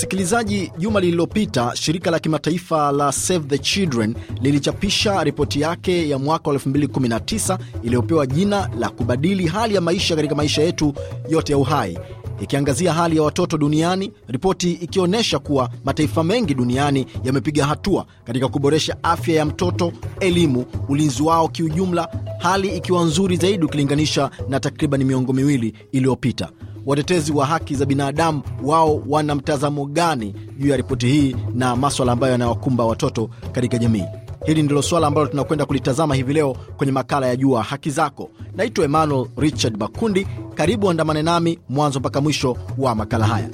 Msikilizaji, juma lililopita shirika la kimataifa la Save the Children lilichapisha ripoti yake ya mwaka 2019 iliyopewa jina la kubadili hali ya maisha katika maisha yetu yote ya uhai, ikiangazia hali ya watoto duniani, ripoti ikionyesha kuwa mataifa mengi duniani yamepiga hatua katika kuboresha afya ya mtoto, elimu, ulinzi wao kiujumla, hali ikiwa nzuri zaidi ukilinganisha na takriban miongo miwili iliyopita watetezi wa haki za binadamu wao wana mtazamo gani juu ya ripoti hii na maswala ambayo yanawakumba watoto katika jamii? Hili ndilo swala ambalo tunakwenda kulitazama hivi leo kwenye makala ya Jua Haki Zako. Naitwa Emmanuel Richard Makundi. Karibu andamane nami mwanzo mpaka mwisho wa makala haya.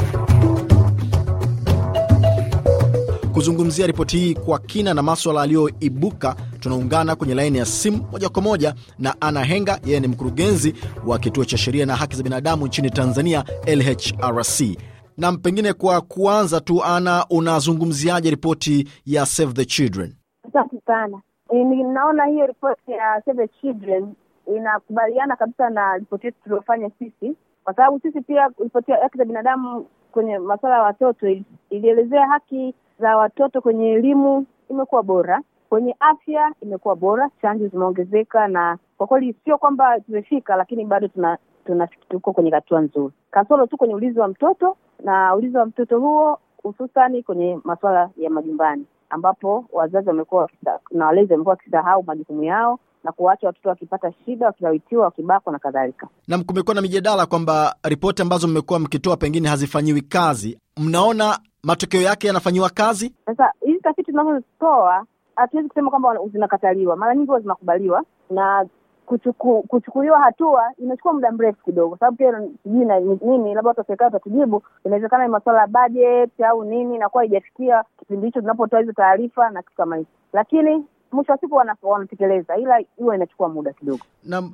Kuzungumzia ripoti hii kwa kina na maswala aliyoibuka tunaungana kwenye laini ya simu moja kwa moja na Ana Henga, yeye ni mkurugenzi wa kituo cha sheria na haki za binadamu nchini Tanzania, LHRC. Nam, pengine kwa kuanza tu, Ana, unazungumziaje ripoti ya Save the Children? Asante sana. E, Ninaona hiyo ripoti ya Save the Children inakubaliana kabisa na ripoti yetu tuliofanya sisi, kwa sababu sisi pia ripoti ya haki za binadamu kwenye masuala ya watoto ilielezea haki za watoto kwenye elimu imekuwa bora Kwenye afya imekuwa bora, chanjo zimeongezeka, na kwa kweli sio kwamba tumefika, lakini bado tuna tuna tuko kwenye hatua nzuri, kasoro tu kwenye ulizi wa mtoto na ulizi wa mtoto huo hususani kwenye masuala ya majumbani, ambapo wazazi wamekuwa na walezi wamekuwa wakisahau majukumu yao na kuwaacha watoto wakipata shida, wakilawitiwa, wakibakwa na kadhalika. Nam, kumekuwa na mijadala kwamba ripoti ambazo mmekuwa mkitoa pengine hazifanyiwi kazi, mnaona matokeo yake yanafanyiwa kazi. Sasa hizi tafiti tunazozitoa hatuwezi kusema kwamba zinakataliwa, mara nyingi huwa zinakubaliwa na kuchuku, kuchukuliwa hatua imechukua muda mrefu kidogo, sababu pia sijui na nini, labda watu wa serikali watatujibu. Inawezekana ni masuala ya bajeti au nini, inakuwa haijafikia kipindi hicho tunapotoa hizo taarifa na kitu kama hicho, lakini mwisho wa siku wanatekeleza, ila huwa inachukua muda kidogo.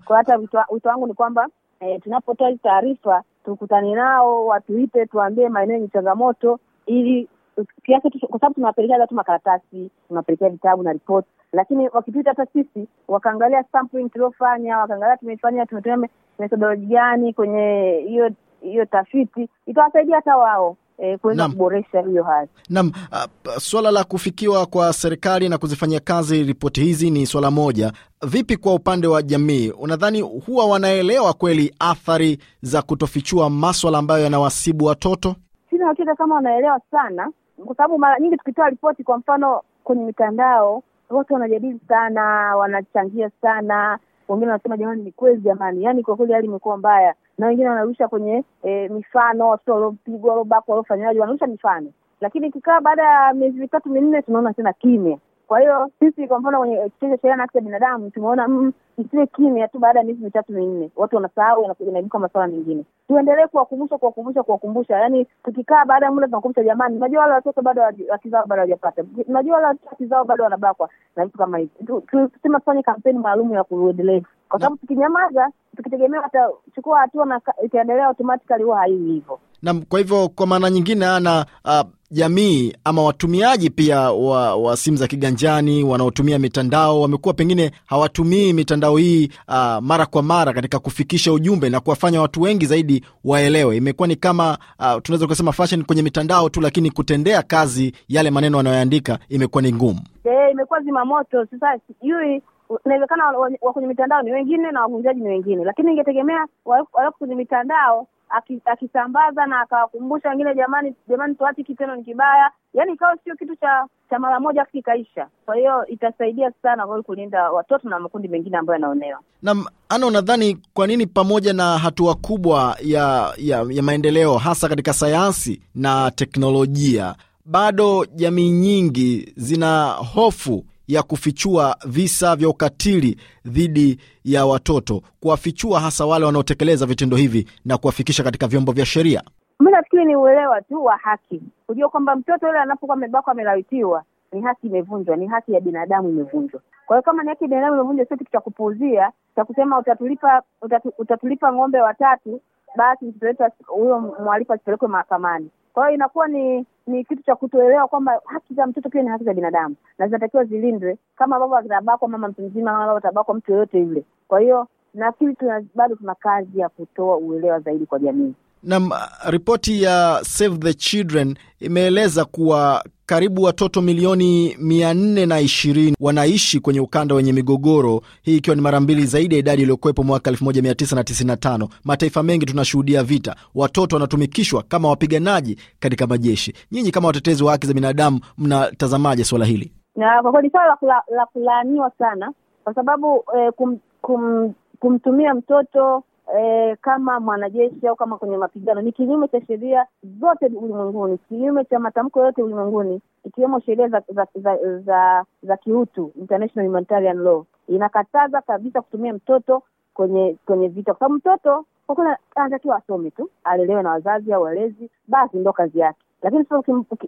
Kwa hata wito wangu ni kwamba e, tunapotoa hizi taarifa tukutane nao, watuite, tuambie maeneo yenye changamoto, ili kiasi kwa sababu tunawapelekea watu makaratasi, tunawapelekea vitabu na ripoti, lakini wakipita hata sisi wakaangalia sampling tuliofanya, wakaangalia tumefanya tumetumia methodoloji gani kwenye hiyo hiyo tafiti, itawasaidia hata wao E, kuweza kuboresha hiyo hali. Naam, ah, swala la kufikiwa kwa serikali na kuzifanyia kazi ripoti hizi ni swala moja. Vipi kwa upande wa jamii, unadhani huwa wanaelewa kweli athari za kutofichua maswala ambayo yanawasibu watoto? Sina hakika kama wanaelewa sana, kwa sababu mara nyingi tukitoa ripoti, kwa mfano kwenye mitandao, watu wanajadili sana, wanachangia sana, wengine wanasema jamani, ni kweli jamani, yani kwa kweli hali imekuwa mbaya, na wengine wanarusha kwenye e, mifano watoto waliopigwa, waliobakwa, waliofanyaji, wanarusha mifano, lakini ikikaa baada ya miezi mitatu minne, tunaona tena kimya. Kwa hiyo sisi kwa mfano kwenye kitengo cha sheria na haki za binadamu tumeona mm, msiwe kimya tu baada ya miezi mitatu minne, watu wanasahau, inaibuka masuala mengine. Tuendelee kuwakumbusha, kuwakumbusha, kuwakumbusha. Yani tukikaa baada ya muda tunakumbusha, jamani, unajua wale watoto bado haki zao bado hawajapata, unajua wale watoto haki zao bado wanabakwa na vitu kama hivi. Tusema tufanye kampeni maalum ya kuendeleza, kwa sababu tukinyamaza, tukitegemea watachukua hatua na itaendelea automatically, huwa haii hivyo na kwa hivyo kwa maana nyingine ana jamii ama watumiaji pia wa, wa simu za kiganjani wanaotumia mitandao wamekuwa pengine hawatumii mitandao hii uh, mara kwa mara katika kufikisha ujumbe na kuwafanya watu wengi zaidi waelewe. Imekuwa ni kama uh, tunaweza kusema fashion kwenye mitandao tu, lakini kutendea kazi yale maneno wanayoandika imekuwa ni ngumu. Hey, eh, imekuwa zimamoto. Sasa sijui inawezekana wa kwenye mitandao ni wengine na wavunjaji ni wengine, lakini ingetegemea wale kwenye mitandao akisambaza na akawakumbusha wengine, jamani, jamani, tuache kitendo ni kibaya, yani ikawa sio kitu cha cha mara moja kikaisha. Kwa hiyo itasaidia sana kwa kulinda watoto na makundi mengine ambayo yanaonewa. Naam, ana unadhani kwa nini pamoja na hatua kubwa ya, ya, ya maendeleo hasa katika sayansi na teknolojia bado jamii nyingi zina hofu ya kufichua visa vya ukatili dhidi ya watoto, kuwafichua hasa wale wanaotekeleza vitendo hivi na kuwafikisha katika vyombo vya sheria? Mi nafikiri ni uelewa tu wa haki, kujua kwamba mtoto yule anapokuwa amebakwa, amelawitiwa, ni haki imevunjwa, ni haki ya binadamu imevunjwa. Kwa hiyo kama ni haki ya binadamu imevunjwa, sio kitu cha kupuuzia cha kusema utatulipa, utatu, utatulipa ng'ombe watatu, basi mtoto wetu huyo mwalifu asipelekwe mahakamani. Kwa hiyo inakuwa ni ni kitu cha kutoelewa kwamba haki za mtoto pia ni haki za binadamu na zinatakiwa zilindwe, kama ambavyo atabakwa mama mtu mzima, kama ambavyo atabakwa mtu yoyote yule. Kwa hiyo nafikiri tuna bado tuna kazi ya kutoa uelewa zaidi kwa jamii. Na ripoti ya Save the Children imeeleza kuwa karibu watoto milioni 420 wanaishi kwenye ukanda wenye migogoro, hii ikiwa ni mara mbili zaidi ya idadi iliyokuwepo mwaka 1995. Mataifa mengi tunashuhudia vita, watoto wanatumikishwa kama wapiganaji katika majeshi. Nyinyi kama watetezi wa haki za binadamu mnatazamaje swala hili? Na kwa kweli swala la kulaaniwa sana, kwa sababu eh, kum, kum, kumtumia mtoto e, kama mwanajeshi au kama kwenye mapigano ni kinyume cha sheria zote ulimwenguni, kinyume cha matamko yote ulimwenguni, ikiwemo sheria za za, za za za kiutu, international humanitarian law inakataza kabisa kutumia mtoto kwenye kwenye vita, kwa sababu mtoto kwa kweli anatakiwa asome tu, alelewe na wazazi au walezi, basi ndo kazi yake. Lakini sasa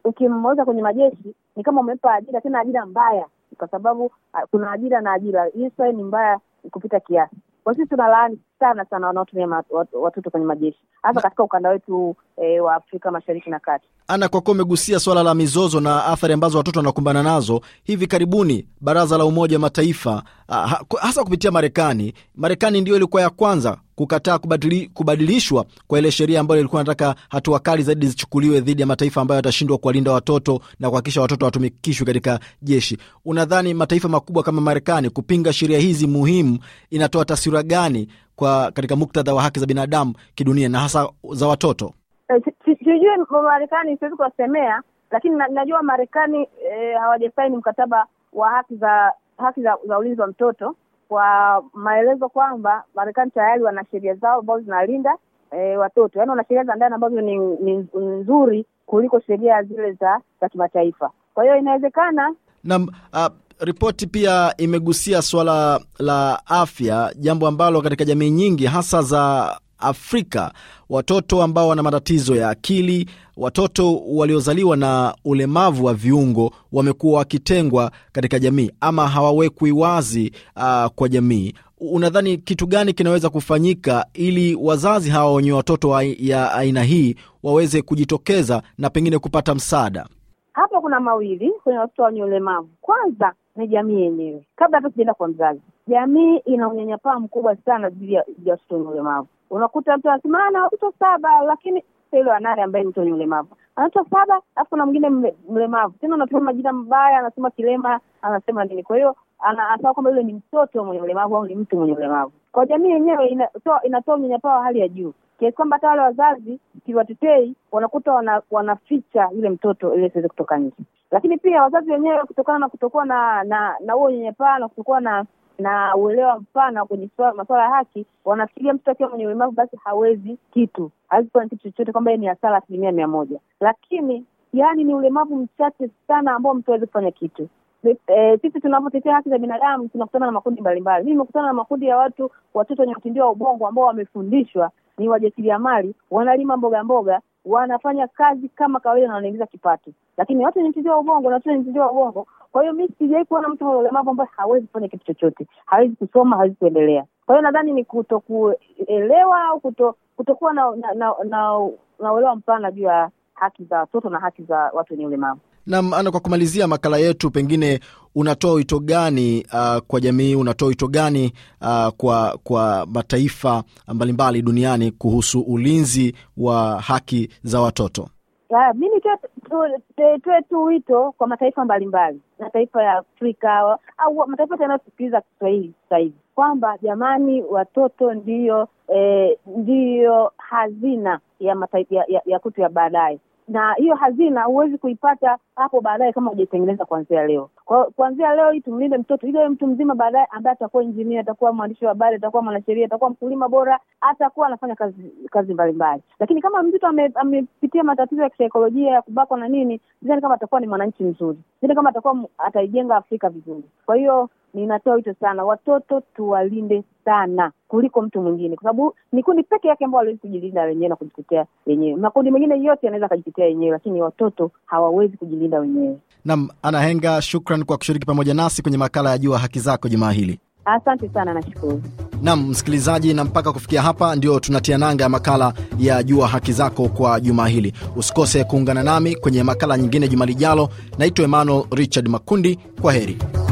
ukimweka kwenye majeshi ni kama umempa ajira, tena ajira mbaya, kwa sababu ah, kuna ajira na ajira. Hii swali ni mbaya kupita kiasi. Kwa sisi tunalaani sana sana wanaotumia watoto kwenye majeshi, hasa katika ukanda wetu e, wa Afrika Mashariki na Kati. Ana, kwakuwa umegusia swala la mizozo na athari ambazo watoto wanakumbana nazo. Hivi karibuni Baraza la Umoja wa Mataifa ah, hasa kupitia Marekani, Marekani ndio ilikuwa ya kwanza kukataa kubadili, kubadilishwa kwa ile sheria ambayo ilikuwa inataka hatua kali zaidi zichukuliwe dhidi ya mataifa ambayo yatashindwa kuwalinda watoto na kuhakikisha watoto watumikishwe katika jeshi. Unadhani mataifa makubwa kama Marekani kupinga sheria hizi muhimu inatoa taswira gani kwa katika muktadha wa haki za binadamu kidunia na hasa za watoto? Eh, sijui Marekani, siwezi kuwasemea, lakini najua Marekani eh, hawajasaini mkataba wa haki za haki za ulinzi wa mtoto kwa maelezo kwamba Marekani tayari wana sheria zao ambazo zinalinda e, watoto, yaani wana sheria za ndani ambazo ni, ni nzuri kuliko sheria zile za za kimataifa. Kwa hiyo inawezekana nam uh... Ripoti pia imegusia swala la afya, jambo ambalo katika jamii nyingi hasa za Afrika, watoto ambao wana matatizo ya akili, watoto waliozaliwa na ulemavu wa viungo wamekuwa wakitengwa katika jamii ama hawawekwi wazi uh, kwa jamii. Unadhani kitu gani kinaweza kufanyika ili wazazi hawa wenye watoto wa ya aina hii waweze kujitokeza na pengine kupata msaada? Hapo kuna mawili kwenye watoto wenye ulemavu. Kwanza ni jamii yenyewe, kabla hata sijaenda kwa mzazi, jamii ina unyanyapaa mkubwa sana juu ya watoto wenye ulemavu. Unakuta mtu anasema ana ah, watoto saba, lakini yule wa nane ambaye mtu wenye ulemavu anatoa saba, alafu kuna mwingine mlemavu tena, anapewa majina mbaya, anasema kilema, anasema nini. Kwa hiyo anasema kwamba yule ni mtoto mwenye ulemavu au ni mtu mwenye ulemavu. Kwa jamii yenyewe inatoa inatoa unyanyapaa wa hali ya juu kiasi kwamba hata wale wazazi kiwatetei wanakuta wana, wanaficha yule mtoto ili asiweze kutoka nje. Lakini pia wazazi wenyewe kutokana na kutokuwa na na huo unyanyapaa na kutokuwa na na uelewa mpana wa kwenye masuala ya haki, wanafikiria mtoto akiwa mwenye ulemavu basi hawezi kitu, hawezi kufanya kitu chochote, kwamba ni hasara asilimia mia moja, lakini yani ni ulemavu mchache sana ambao mtu hawezi kufanya kitu. E, sisi e, tunapotetea haki za binadamu tunakutana na makundi mbalimbali. Mimi nimekutana na makundi ya watu, watoto wenye utindio wa ubongo ambao wamefundishwa ni wajasiriamali, wanalima mboga mboga, wanafanya kazi kama kawaida na wanaingiza kipato, lakini watu wenye mchezo wa ubongo na watu wenye mchezo wa ubongo. Kwa hiyo mi sijai kuona mtu mwenye ulemavu ambaye hawezi kufanya kitu chochote, hawezi kusoma, hawezi kuendelea. Kwa hiyo nadhani ni kutokuelewa au kuto, kutokuwa na na, na, na, na uelewa mpana juu ya haki za watoto na haki za watu wenye ulemavu. Nam ana, kwa kumalizia makala yetu, pengine unatoa wito gani uh, kwa jamii? Unatoa wito gani uh, kwa, kwa mataifa mbalimbali duniani kuhusu ulinzi wa haki za watoto? Mi nitoe tu wito kwa mataifa mbalimbali, mataifa ya Afrika au mataifa yanayosikiliza Kiswahili sasa hivi kwamba jamani, watoto ndiyo eh, ndiyo hazina ya, ya, ya, ya kutu ya baadaye na hiyo hazina huwezi kuipata hapo baadaye kama hujaitengeneza kuanzia leo kuanzia leo hii tumlinde mtoto ili mtu mzima baadaye ambaye atakuwa injinia, atakuwa mwandishi wa habari, atakuwa mwanasheria, atakuwa mkulima bora, atakuwa anafanya kazi kazi mbalimbali. Lakini kama mtoto amepitia ame matatizo ya kisaikolojia ya kubakwa na nini, zani kama atakuwa ni mwananchi mzuri, zani kama atakuwa ataijenga Afrika vizuri. Kwa hiyo ninatoa wito sana, watoto tuwalinde sana kuliko mtu mwingine, kwa sababu ni kundi peke yake ambao waliwezi kujilinda wenyewe na kujitetea wenyewe. Makundi mengine yote yanaweza akajitetea yenyewe, lakini watoto hawawezi kujilinda wenyewe. Naam, Anahenga, shukran shukran kwa kushiriki pamoja nasi kwenye makala ya Jua Haki Zako jumaa hili. Asante sana, nashukuru. Nam msikilizaji, na mpaka kufikia hapa ndio tunatia nanga ya makala ya Jua Haki Zako kwa jumaa hili. Usikose kuungana nami kwenye makala nyingine juma lijalo. Naitwa Emmanuel Richard Makundi, kwa heri.